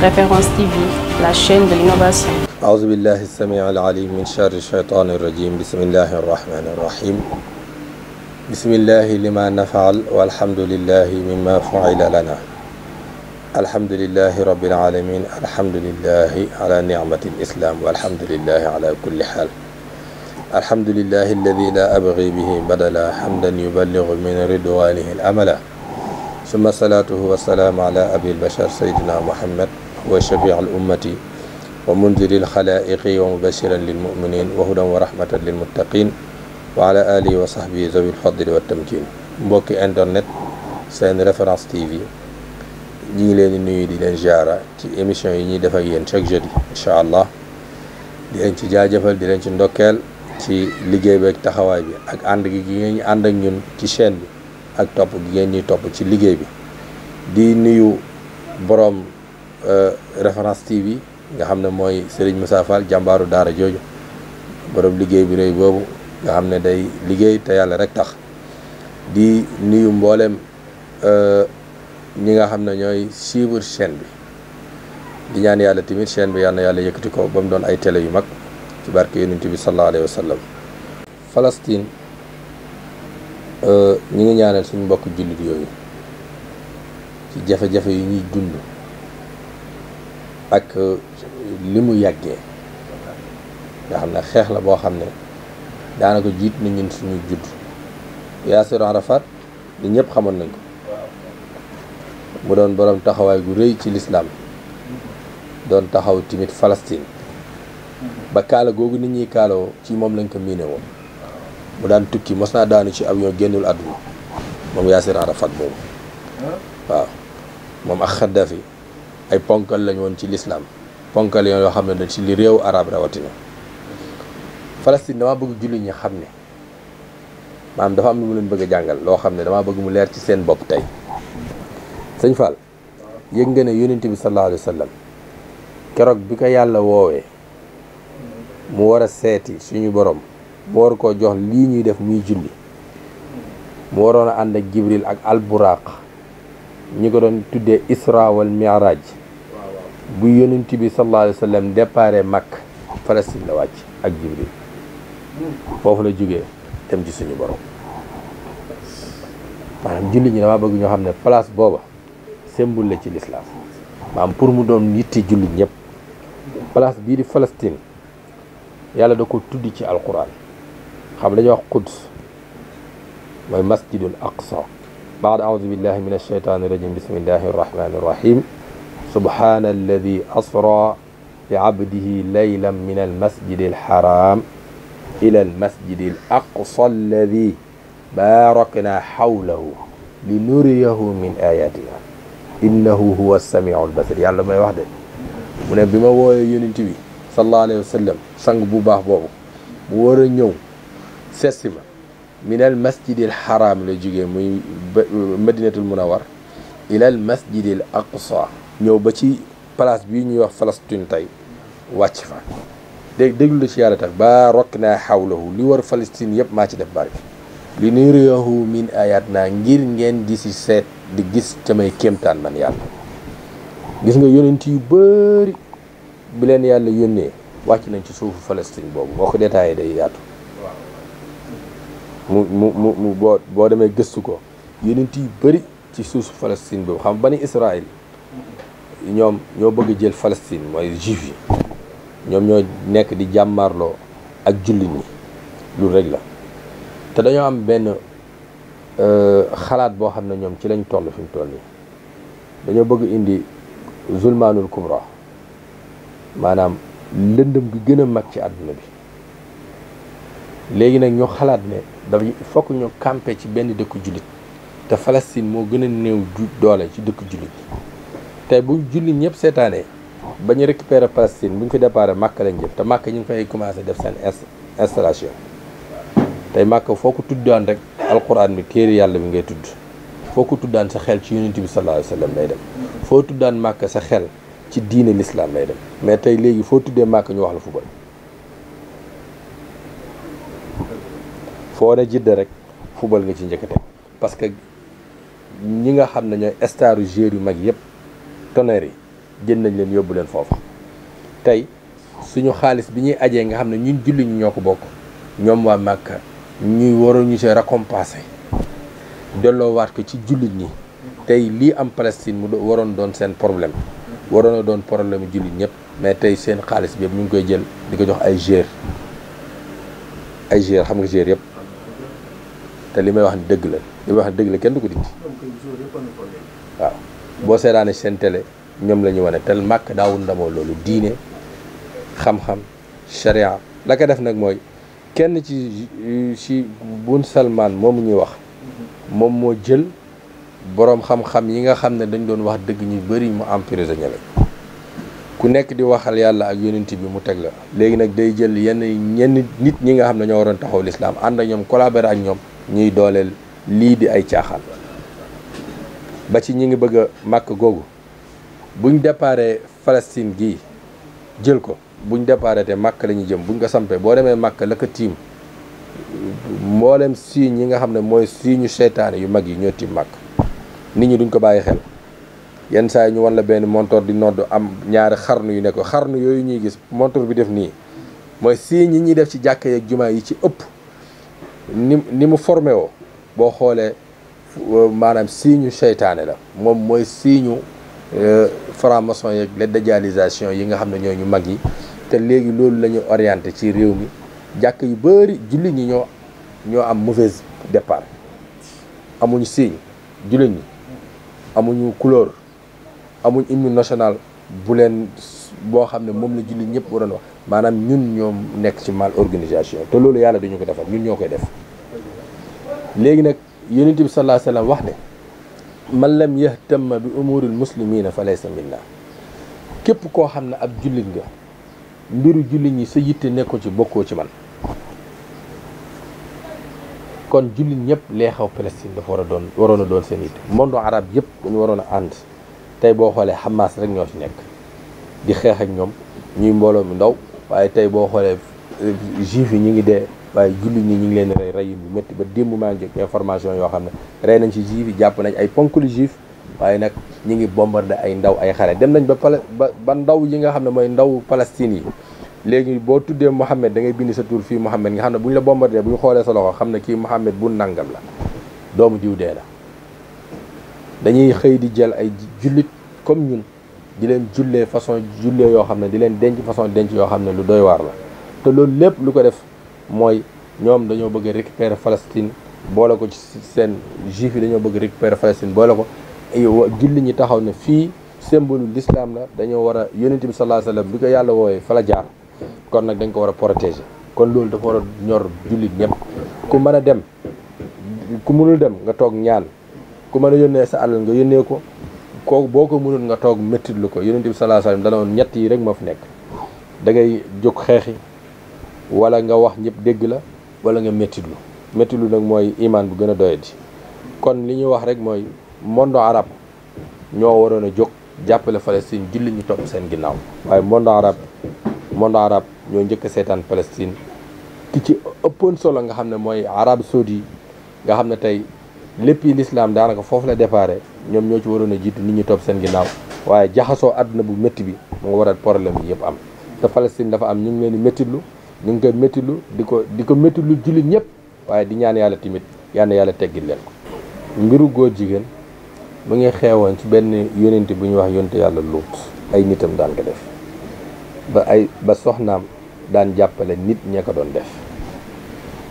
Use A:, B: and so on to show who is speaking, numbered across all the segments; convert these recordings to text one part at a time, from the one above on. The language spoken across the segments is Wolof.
A: Référence TV, la chaîne de l'innovation. أعوذ بالله السميع العليم من شر الشيطان الرجيم بسم الله الرحمن الرحيم بسم الله لما نفعل والحمد لله مما فعل لنا الحمد لله رب العالمين الحمد لله على نعمة الإسلام والحمد لله على كل حال الحمد لله الذي لا أبغي به بدلا حمدا يبلغ من رضوانه الأملا ثم صلاته والسلام على أبي البشر سيدنا محمد وشفيع الأمة ومنذر الخلائق ومبشرا للمؤمنين وهدى ورحمة للمتقين وعلى آله وصحبه ذوي الفضل والتمكين mbokki internet seen référence TV ñi ngi leen di nuyu di leen jaara ci émission yi ñuy def ak yéen chaque jeudi incha allah di leen ci jaajëfal di leen ci ndokkeel ci liggéey bi ak taxawaay bi ak ànd gi gi ngeen ànd ak ñun ci chaîne bi ak topp gi ngeen ñuy topp ci liggéey bi di nuyu boroom Euh, référence TV nga xam ne mooy Serigne Moussa Fall jàmbaaru daara jooju borom liggéey bi rëy boobu nga xam ne day liggéey te yàlla rek tax di nuyu mboolem euh, ñi nga xam ne ñooy suivre chaîne bi di ñaan yàlla tamit chaîne bi yal yàlla yëkkati ko ba mu doon ay télé yu mag ci barke yonent bi sallallahu alayhi wa sallam Palestine euh, ñi ngi ñaanal suñu mbokk jullit yooyu ci jafe-jafe yu ñuy dund ak li euh, mu yàggee nga xam ne xeex la boo xam ne daanaka jiit na ñun suñu judd Yaasir Arafat li ñëpp xamoon nañ ko mu doon borom taxawaay gu rëy ci lislaam doon taxaw timit Palestine ba kaala googu nit ñuy kaaloo ci moom lañ ko miine woon mu daan tukki mos naa daanu ci avion génnul àdduna moom Yaasir Arafat boobu waaw moom ak Xaddafi ay ponkal lañ woon ci lislaam ponkal yoo xam ne ci li réew arab rawatina Palestine dama bëgg julli ñi xam ne maanaam dafa am lu mu leen bëgg a jàngal loo xam ne damaa bëgg mu leer ci seen bopp tey sëñ Fall yëg nga ne yonent bi sallallahu alayhi wa keroog bi ko yàlla woowee mu war a seeti suñu boroom mu war koo jox lii ñuy def muy julli mu waroon a ànd ak Jibril ak alburaaq ñi ko doon tuddee Isra wal Mi'raj bu yonent bi sallallahu alayhi wa sallam déparé Makka la wàcc ak Jibril foofu la jógee dem ci suñu borom maanaam julli ñi dama bëgg ñoo xam ne place booba symbole la ci lislaam maanaam pour mu doon yitti julli ñëpp place bii di Palestine yàlla da ko tudd ci alquran xam dañuy wax Quds mooy masjidul aqsa baad aoudu billahi min alsheytaani rajim bismillahi arrahmani irrahim سبحان الذي أسرى بعبده ليلا من المسجد الحرام إلى المسجد الأقصى الذي باركنا حوله لنريه من آياتنا إنه هو السميع البصير يعلم ما يوحد من بما هو صلى الله عليه وسلم سانغ بوباه بوبو وور نيو سيسما من المسجد الحرام لجيغي مدينه المنور الى المسجد الاقصى ñëw ba ci place bi ñuy wax Palestine tey wàcc fa dégg déglu la ci yàlla tax ba rokk naa xawlahu li war Palestine yëpp maa ci def bari li nuriyahu min ayat naa ngir ngeen di si seet di gis samay kéemtaan man yàlla gis nga yonent yu bëri bi leen yàlla yónnee wàcc nañ ci suufu Palestine boobu boo ko détaillé day yaatu mu mu mu mu boo boo demee gëstu ko yonent yu bëri ci suufu Palestine boobu xam bani Israël ñoom ñoo bëgg jël Palestine mooy juif yi ñoom ñoo nekk di jàmmaarloo ak jullit ñi lu rek la te dañoo am benn euh, xalaat boo xam ne ñoom ci lañ toll fi mu toll nii dañoo bëgg indi zulmaanul kubra maanaam lëndëm bi gën a mag ci àdduna bi léegi nag ñoo xalaat ne daf fokk ñu campé ci benn dëkk jullit te Palestine moo gën a néew doole ci dëkk jullit tey bu jullit ñëpp seetaanee ba ñu récupérer Palestine bu ñu fi déparé màkk lañ jëf te màkk ñu ngi fay commencé def seen installation tey Màkka foo ko tuddaan rek alquran bi téere yàlla bi ngay tudd foo ko tuddaan sa xel ci yonent bi sallallahu alayhi wa sallam lay dem foo tuddaan Màkka sa xel ci diine l'islam lay dem mais tey léegi foo tuddee màkk ñu wax la football foo ne jidda rek football nga ci njëkk a teg parce que ñi nga xam ne ñooy staru joueurs yu mag yëpp tonnerre yi jën nañ leen yóbbu leen foofa tey suñu xaalis bi ñuy ajee nga xam ne ñun julli ñu ñoo ko bokk ñoom waa Màkka ñuy waroon ñu see récompenser delloowaat ko ci jullit ñi tey lii am Palestine mu waroon doon seen problème waroon a doon problème jullit ñëpp mais tey seen xaalis bi yëpp ñu ngi koy jël di ko jox ay géer ay géer xam nga géer yëpp te li may wax ni dëgg la li may wax ni dëgg la kenn du ko dindi waaw boo seetaane seen télé ñoom la ñu wane tel màkk daawul ndamoo loolu diine xam-xam sharia la ko def nag mooy kenn ci ci bun salmaan moomu ñuy wax moom moo jël boroom xam-xam yi nga xam ne dañ doon wax dëgg ñu bari mu am prisonnier la ku nekk di waxal yàlla ak yonent bi mu teg la léegi nag day jël yenn ñenn nit ñi nga xam ne ñoo waroon taxaw lislaam ànd ak ñoom collaborer ñoom ñuy dooleel lii di ay caaxal ba ci ñi ngi bëgg màkk googu buñ déparé Palestine gii jël ko buñ déparé te màkk la ñuy jëm buñ ko sampee boo demee màkk la ko tiim mboolem signe yi nga xam ne mooy signe seytaane yu mag yi ñoo tiim màkk nit ñi duñ ko bàyyi xel yenn saa yi ñu wan la benn montor di nodd am ñaari xarnu yu ne ko xarnu yooyu ñuy gis montor bi def nii mooy signe yi ñuy def ci jàkka yeeg jumaa yi ci ëpp ni ni mu formé woo boo xoolee maanaam siiñu seytaane la moom mooy signe euh, franc-maçon yeeg les dédialisation yi nga xam ne ñoo ñu mag yi te léegi loolu lañu ñu orienté ci réew mi jàkk yu bari jullit ñi ñoo ñoo am mauvaise départ amuñ signe jullit ñi amuñu couleur amuñ hymne national bu leen boo xam ne moom la jullit ñëpp waroon maanaam ñun ñoom nekk ci mal organisation te loolu yàlla duñu ko defal ñun ñoo koy def léegi nag يونتي صلى الله عليه وسلم وحده من لم يهتم بامور المسلمين فليس منا كيب كو خامنا اب جولينغا ميرو جوليني سا ييتي نيكو سي بوكو سي مان كون جولين ييب لي خاو فلسطين دا فورا دون ورونا دون سين ييت موندو عرب ييب دون ورونا اند تاي بو خولي حماس رك نيو سي نيك دي خيخ اك نيوم ني مبولو مي ndaw waye tay bo xolé eh, jif yi ñi ngi dé waaye jullit ñi ñu ngi leen rey reyin yu métti ba démb maa ngi jot information yoo xam ne rey nañ ci juif yi jàpp nañ ay ponklu juif waaye nag ñi ngi bombardé ay ndaw ay xare dem nañ ba pala ba ndaw yi nga xam ne mooy ndaw Palestine yi léegi boo tuddee Mouhamed da ngay bind sa tur fii Mouhamed xam ne bu ñu la bombardé bu ñu xoolee sa loxo xam ne kii Mouhamed bu nangam la doomu diw dee la dañuy xëy di jël ay jullit comme ñun di leen jullee façon jullee yoo xam ne di leen denc façon denc yoo xam ne lu doy waar la te loolu lépp lu ko def mooy ñoom dañoo bëgg récupérer Palestine boole ko ci seen juif yi dañoo bëgg récupérer Palestine boole ko julli ñi taxaw ne fii symbole l'islam la dañoo war a yonent bi sallallahu alayhi wasallam bi ko yàlla woowee fa jaar kon nag dañ ko war a protéger kon loolu dafa war a ñor jullit ñëpp ku mën a dem ku mënul dem nga toog ñaan ku mën a yónnee sa alal nga yónnee ko kooku boo ko mënul nga toog méttit lu ko yonent bi sallallahu alayhi wasallam dana woon ñett yi rek moo fi nekk da ngay jóg xeexi wala nga wax ñëpp dégg la wala nga méttitlu méttitlu nag mooy imaan bu gën a doyadi kon li ñuy wax rek mooy monde arab ñoo waroon a jóg jàppale Palestine julli ñu topp seen ginnaaw waaye monde arabe monde arabe ñoo njëkk a seetaan Palestine ki ci ëppoon solo nga xam ne mooy arabe saudi nga xam ne tey lépp yi lislaam daanaka foofu la déparé ñoom ñoo ci waroon a jiitu nit ñi topp seen ginnaaw waaye jaxasoo àdduna bu métti bi moo waral problème yi yëpp am te Palestine dafa am ñu leen di méttitlu ñu ngi koy méttilu di ko di ko méttilu jullit ñëpp waaye di ñaan yàlla tamit yal yàlla teggil leen ko mbiru góor jigéen mu ngi xewoon ci benn yónente bu ñuy wax yónente yàlla luut ay nitam daan def ba ay ba soxnaam daan jàppale nit ña ko doon def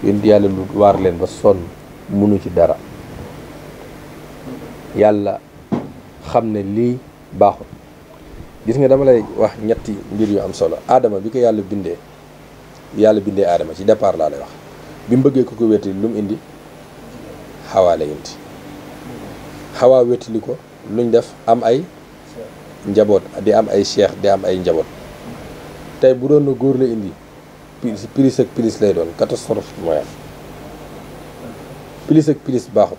A: yónente yàlla luut waar leen ba sonn munu ci dara yàlla xam ne lii baaxul gis nga dama lay wax ñetti mbir yu am solo aadama bi ko yàlla bindee yàlla bindee aadama ci départ laa lay wax bi mu bëggee ko ko wéttali lu indi xawaa la indi xawaa wéttali ko luñ def am ay njaboot di am ay cheikh di am ay njaboot tey bu doon na góor la indi pilis ak pilis lay doon catastrophe mooy am pilis ak pilis baaxut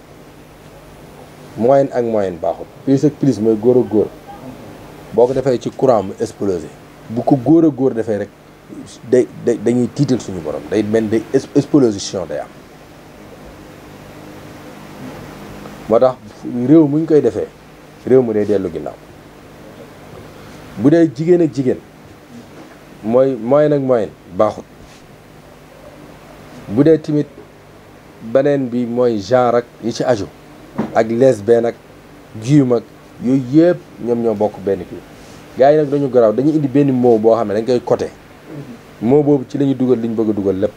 A: moyenne ak moyen baaxut pilis ak pilis mooy góor ak góor boo ko defee ci courant mu explosé bu ko góor ak góor defee rek day dañuy tiital suñu borom day mel day exposition day am moo tax réew muñ koy defee réew mu day dellu ginnaaw bu dee jigéen ak jigéen mooy moyen ak moyen baaxut bu dee tamit beneen bi mooy genre ak yi ci aju ak lesbienne ak guim ak yooyu yëpp ñoom ñoo bokk benn kii gars yi nag dañu garaaw dañu indi benn mot boo xam ne dañ koy côté moo boobu ci la ñuy dugal li ñu bëgg a dugal lépp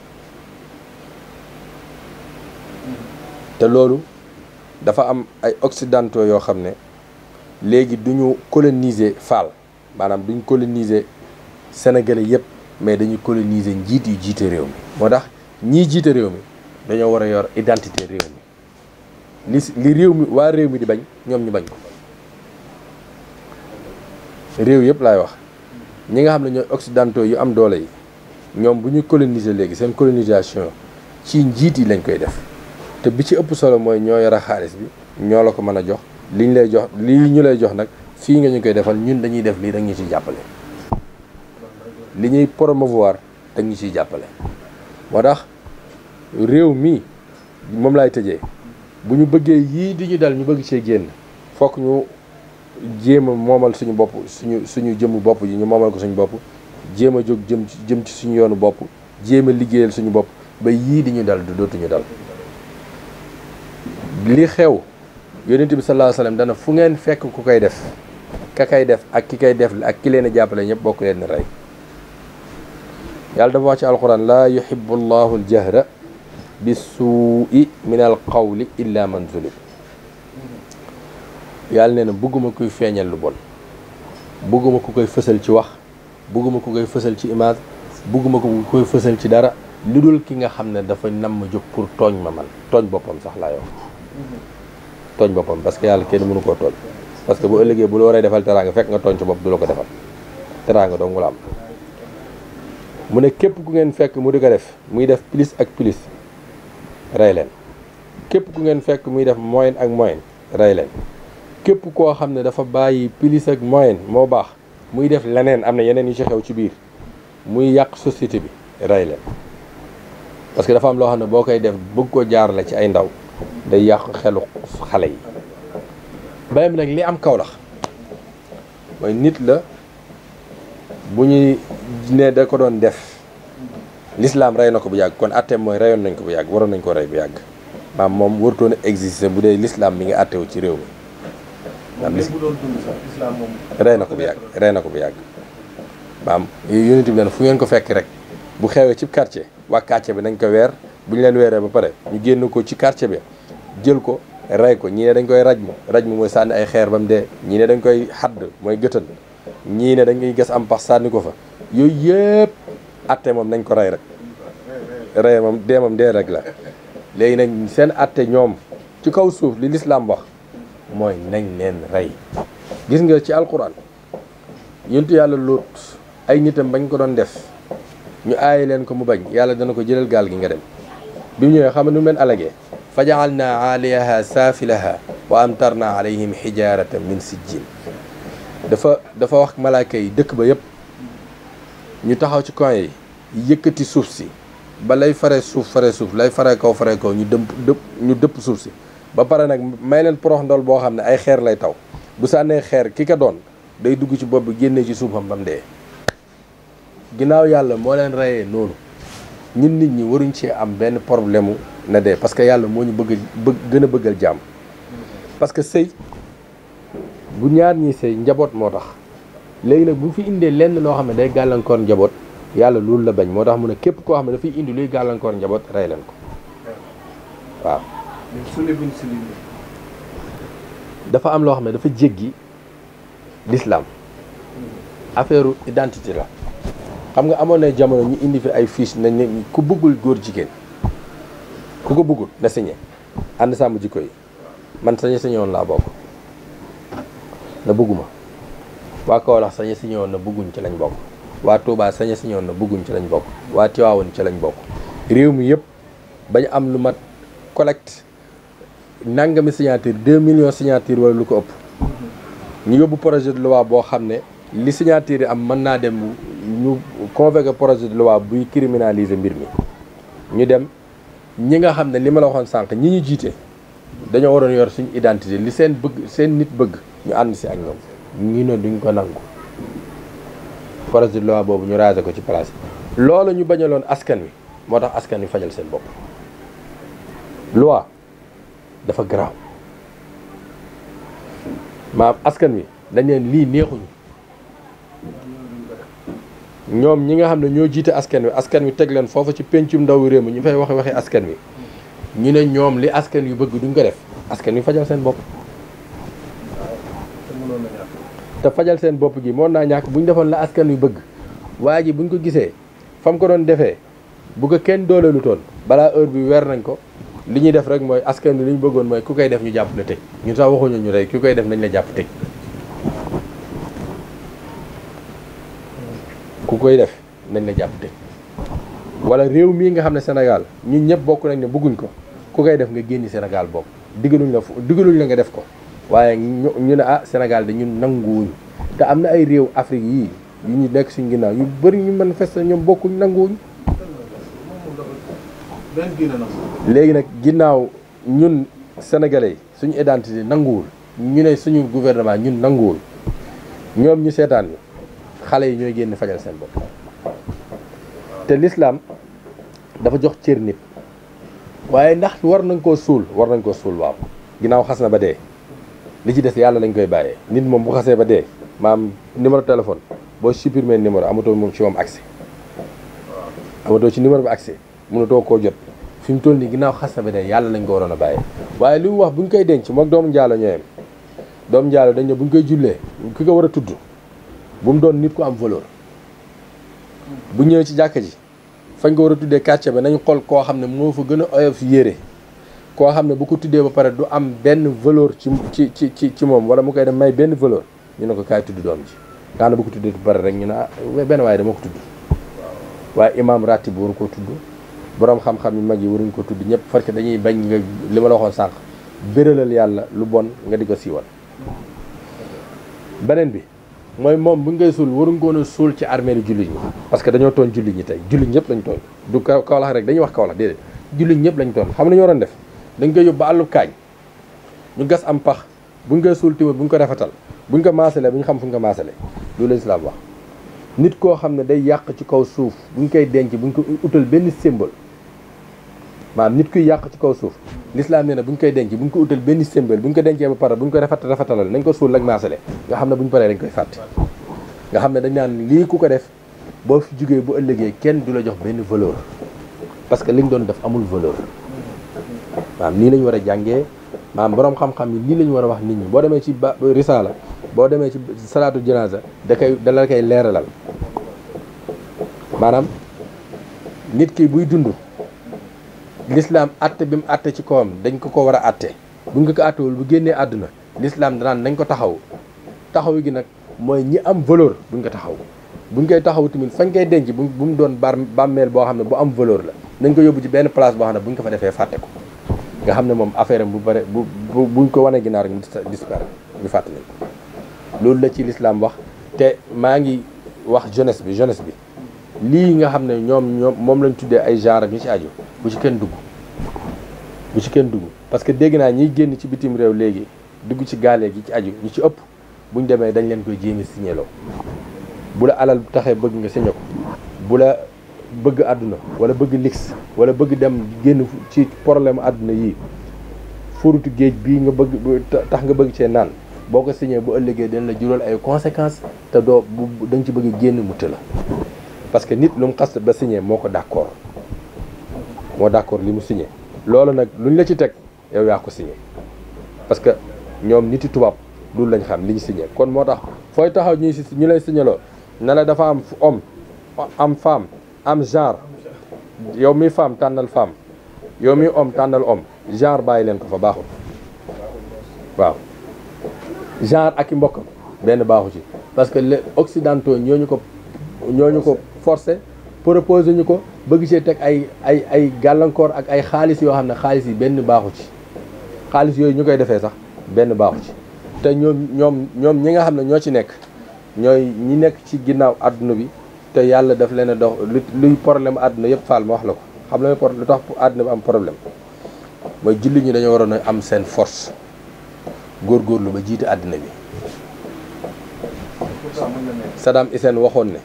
A: te loolu dafa am ay occidentaux yoo xam ne léegi du ñu coloniser Fall maanaam duñ coloniser sénégalais yëpp mais dañuy coloniser njiit yu jiite réew mi moo tax ñii jiite réew mi dañoo war a yor identité réew mi li réew mi waa réew mi di bañ ñoom ñu bañ ko réew yëpp laay wax ñi nga xam ne ñooy occidentaux yu am doole yi ñoom bu ñu coloniser léegi seen colonisation ci njiit yi lañ koy def te bi ci ëpp solo mooy ñoo yor a xaalis bi ñoo la ko mën a jox liñ lay jox lii ñu lay jox nag fii nga ñu koy defal ñun dañuy def lii da ñu ciy jàppale li ñuy promouvoir da ñu ciy jàppale moo tax réew mi moom laay tëjee bu ñu bëggee yii di ñu dal ñu bëgg cee génn fokk ñu jéem a moomal suñu bopp suñu suñu jëmm bopp yi ñu moomal ko suñu bopp jéem a jóg jëm jëm ci suñu yoonu bopp jéema liggéeyal suñu bopp ba yii di ñu dal di dootuñu dal li xew yonent bi sallallahu alayhi wasallam dana fu ngeen fekk ku koy def ka koy def ak ki koy def ak ki leen a jàppale ñëpp bokk leen rey yàlla dafa wax ci alquran laa yuhibbu llahu aljahra bi suui min alqawli illa man zulim yàlla nee na bëgguma kuy feeñal lu bon bëgguma ku koy fësal ci wax bëgguma ko koy fësal ci image bugguma ku koy fësal ci dara lu dul ki nga xam ne dafa nam ma jóg pour tooñ ma man tooñ boppam sax laa yow tooñ boppam parce que yàlla kenn mënu koo tooñ parce que bu ëllëgee bu la waree defal teraanga fekk nga tooñ sa bopp du la ko defal teraanga dong la am mu ne képp ku ngeen fekk mu di ko def muy def plus ak plus rey leen képp ku ngeen fekk muy def moyen ak moyen rey leen képp koo xam ne dafa bàyyi plus ak moyen moo baax muy def leneen am na yeneen yu ci xew ci biir muy yàq société bi rey leen parce que dafa am loo xam ne boo koy def bëgg ko jaar la ci ay ndaw day yàq xelu xale yi beneen bi nag li am kawlax mooy nit la bu ñuy ne da ko doon def l'islam rey na ko bu yàgg kon atteem mooy reyoon nañ ko bu yàgg waroon nañ ko rey bu yàgg maam moom wartoon a exister bu dee l'islam mi ngi attewu ci réew mi maam rey na ko bu yàgg rey na ko bu yàgg maam yonent bi leen fu ngeen ko fekk rek bu xewee ci quartier waa quartier bi nañ ko weer bu ñu leen weeree ba pare ñu génn ko ci quartier bi jël ko rey ko ñii ne dañ koy raj mu raj mu mooy sànni ay xeer ba mu dee ñii ne dañ koy xadd mooy gëtal ñii ne dañ koy gis am pax sànni ko fa yooyu yëpp atte moom nañ ko rey rek rey moom dee moom dee rek la léegi nag seen atte ñoom ci kaw suuf li lislaam wax mooy nañ leen rey gis nga ci alquran yuntu yàlla lóot ay nitam bañ ko doon def ñu aye leen ko mu bañ yàlla dana ko jëlal gaal gi nga dem bi mu ñëwee xam ne nu mu leen alagee fa jacal naa aaliyaha saafilaha wa amtar naa xijaarata min sijjin dafa dafa wax malaaka yi dëkk ba yépp ñu taxaw ci coin yi yëkkati suuf si ba lay fare suuf fare suuf lay fare kaw fare kaw ñu dëpp ñu dëpp suuf si ba pare nag may leen porox ndol boo xam ne ay xeer lay taw bu sànnee xeer ki ka doon day dugg ci bopp bi génne ci suufam bam mu dee ginnaaw yàlla moo leen reyee noonu ñun nit ñi waruñ ci am benn problème mu na dee parce que yàlla moo ñu bëgg bëgg gën a bëggal jàmm parce que sëy bu ñaar ñi sëy njaboot moo tax léegi nag bu fi indee lenn loo xam ne day gàllankoor njaboot yàlla loolu la bañ moo tax mu ne képp koo xam ne dafay indi luy gàllankoor njaboot rey leen ko waaw dafa am loo xam ne dafa jéggi l'islam hmm. affaire identité la xam nga amoon na jamono ñu indi fi ay fiche nañ ku bëggul góor jigéen ku ko bëggul na signé ànd sàmm jikko yi man sañe signé woon laa bokk na bëgguma waa Kaolack sañe signé na bëgguñ ci lañ bokk waa Touba sañe signé na bëgguñ ci lañu bokk waa Tiwaawoon ci lañu bokk réew mi yëpp bañ am lu mat collecte nangami signature deux millions signature wala lu ko ëpp ñu yóbbu projet de loi boo xam ne li signature am mën naa dem ñu convoqué projet de loi buy criminaliser mbir mi ñu dem ñi nga xam ne li ma la waxoon sànq ñi ñu jiite dañoo waroon yor suñu identité li seen bëgg seen nit bëgg ñu ànd si ak ñoom ñu ne duñ ko nangu projet de loi boobu ñu raser ko ci place loolu ñu bañaloon askan wi moo tax askan wi fajal seen bopp loi dafa garaaw maam askan wi dañ leen lii neexuñu ñoom ñi nga xam ne ñoo jiite askan wi askan wi teg leen foofu ci pencum ndaw réew mi ñu fay waxe waxe askan wi ñu ne ñoom li askan yu bëgg duñ ko def askan wi fajal seen bopp te fajal seen bopp ji moon naa ñàkk bu ñu defoon la askan yu bëgg waa ji bu buñ ko gisee fam ko doon defee bu ko kenn dooleelu toon balaa heure bi weer nañ ko li ñuy def rek mooy askan wi li ñu bëggoon mooy ku koy def ñu jàpp la tëj ñun sax waxuñu ñu rek ku koy def nañ la jàpp tëj ku koy def nañ la jàpp tëj réew mii nga xam ne Sénégal ñu ñëpp bokk nañ ne bëgguñ ko ku koy def nga génni Sénégal bokk diggaluñ la fo diggaluñ la nga def ko waaye ñu ne ah Sénégal de ñun nanguwuñ te am na ay réew Afrique yii yu ñu nekk suñ ginnaaw yu bari ñu manifester ñoom bokkuñ nanguwuñ léegi nag ginnaaw ñun sénégalais suñu identité nanguwul ñu ne suñu gouvernement ñun nanguwul ñoom ñu seetaan ñu xale yi ñooy génn fajal seen bopp te lislaam dafa jox cër nit waaye ndax war nañ koo suul war nañ koo suul waaw ginnaaw xas na ba dee li ci des yàlla lañ koy bàyyee nit moom bu xasee ba dee maam numéro téléphone boo supprimer numéro amatoo moom ci moom accès amatoo ci numéro bi accès mënatoo koo jot fi mu toll nii ginnaaw xas na yàlla lañ ko waroon a bàyyi waaye li mu wax bu ñu koy denc moog doomu njaalo ñooyem doomu njaalo dañ ne bu ñu koy jullee ki ko war a tudd bu mu doon nit ku am valeur bu ñëwee ci jàkka ji fañ ko war a tuddee quartier ba nañu xool koo xam ne moo fa gën a oyof yére koo xam ne bu ko tuddee ba pare du am benn valeur ci ci ci ci ci moom wala mu koy dem may benn valeur ñu ne ko kaay tudd doom ji nga xam ne bu ko tuddee ba pare rek ñu ne ah benn waaye dama ko tudd waaye imaam ratib waru koo tudd boroom xam-xam yu mag yi waruñ ko tudd ñëpp parce que dañuy bañ nga li ma la waxoon sànq béralal yàlla lu bon nga di ko siiwal beneen bi mooy moom bu ngay suul waruñ ko a suul ci armée lu jullit ñi parce que dañoo tooñ julli ñi tey jullit ñëpp lañ tooñ du kawlax rek dañuy wax kawlax déedéet jullit ñëpp lañ tooñ xam nañu waroon def dañ koy yóbbu ba àllu kaañ ñu gas am pax buñ koy suul tiwal bu ñu ko rafetal buñ ko maasalee bu ñu xam fu ñu ko maasalee loolu la wax nit koo xam ne day yàq ci kaw suuf buñ koy denc buñ ko utal benn simbal maanaam nit kuy yàq ci kaw suuf l'islam nee na buñ koy denc buñ ko utal benn symbole buñ ko dencee ba pare buñ ko rafet rafetalal nañ ko suul ak maasale nga xam ne buñ paree dañ koy fàtte nga xam ne dañ naan lii ku ko def boo fi jugee bu ëllëgee kenn du la jox benn valeur parce que liñ doon def amul valeur maanaam nii lañ war a jàngee maanaam boroom xam-xam yi nii lañ war a wax nit ñi boo demee ci ba risaala boo demee ci salaatu janaasa da koy da la koy leeralal maanaam nit kii buy dund lislaam atte bi mu atte ci kawam dañ ko ko war a àtte buñ ko ko attewul bu génnee àdduna lislaam danaan nañ ko taxaw taxaw gi nag mooy ñi am valeur buñ ko taxaw buñ koy taxaw tamit fañ koy denc bu mu doon bar bàmmeel boo xam ne bu am valeur la nañ ko yóbbu ci benn place boo xam ne buñ ko fa defee fàtte ko nga xam ne moom affaire am bu bare bu buñ ko wane ginaar ñu disparaître ñu fàtte loolu la ci lislaam wax te maa ngi wax jeunesse bi jeunesse bi lii nga xam ne ñoom ñoom moom lañ tuddee ay genre ak ñi ci aju bu ci kenn dugg bu ci kenn dugg parce que dégg naa ñi génn ci bitim réew léegi dugg ci gaale gi ci aju ñu ci ëpp bu ñu demee dañ leen koy jéemi signéloo bu la alal taxee bëgg nga signé ko bu la bëgg àdduna wala bëgg lix wala bëgg dem génn ci problème àdduna yi furutu géej bii nga bëgg tax nga bëgg cee naan boo ko siñee bu ëllëgee dañ la juróol ay conséquence te doo bu dañu ci bëgg génn mu la parce que nit lu mu xas ba signé moo ko d'accord moo d'accord li mu signé loolu nag luñ la ci teg yow yaa ko signé parce que ñoom niti tubaab loolu lañ xam li ñu signé kon moo tax fooy taxaw ñuy si ñu lay signaloo ne la dafa am om am femme am genre yow mi femme tànnal femme yow mi om tànnal om genre bàyyi leen ko fa baaxul waaw genre ak i mbokkam benn baaxu ci parce que les ñoo ñu ko ñoo ñu ko forcé proposé ñu ko bëgg see teg ay ay ay gàllankoor ak ay xaalis yoo xam ne xaalis yi benn baaxu ci xaalis yooyu ñu koy defee sax benn baaxu ci te ñoom ñoom ñoom ñi nga xam ne ñoo ci nekk ñooy ñi nekk ci ginnaaw àdduna bi te yàlla daf leen a dox luy problème àdduna yëpp faal ma wax la ko xam la lu tax àdduna bi am problème mooy julli ñi dañoo waroon a am seen force góor góorgóorlu ba jiite àddina bi Saddam Hussein waxoon ne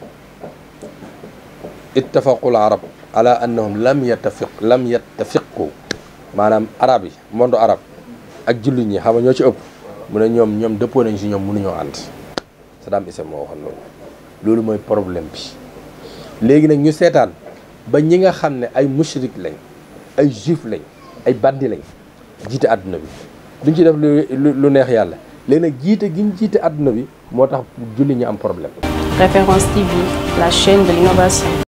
A: ittafaqul arab ala annahum lam yattafiq lam yattafiqu maanaam arab yi monde arab ak jullit ñi xam nga ñoo ci ëpp mu ne ñoom ñoom dëppoo nañ si ñoom mënuñoo ànd Saddam Hussein moo waxoon loolu loolu mooy problème bi léegi nag ñu seetaan ba ñi nga xam ne ay mushrik lañ ay juif lañ ay bandi lañ jiite àdduna bi duñ problème. Référence TV, la chaîne de l'innovation.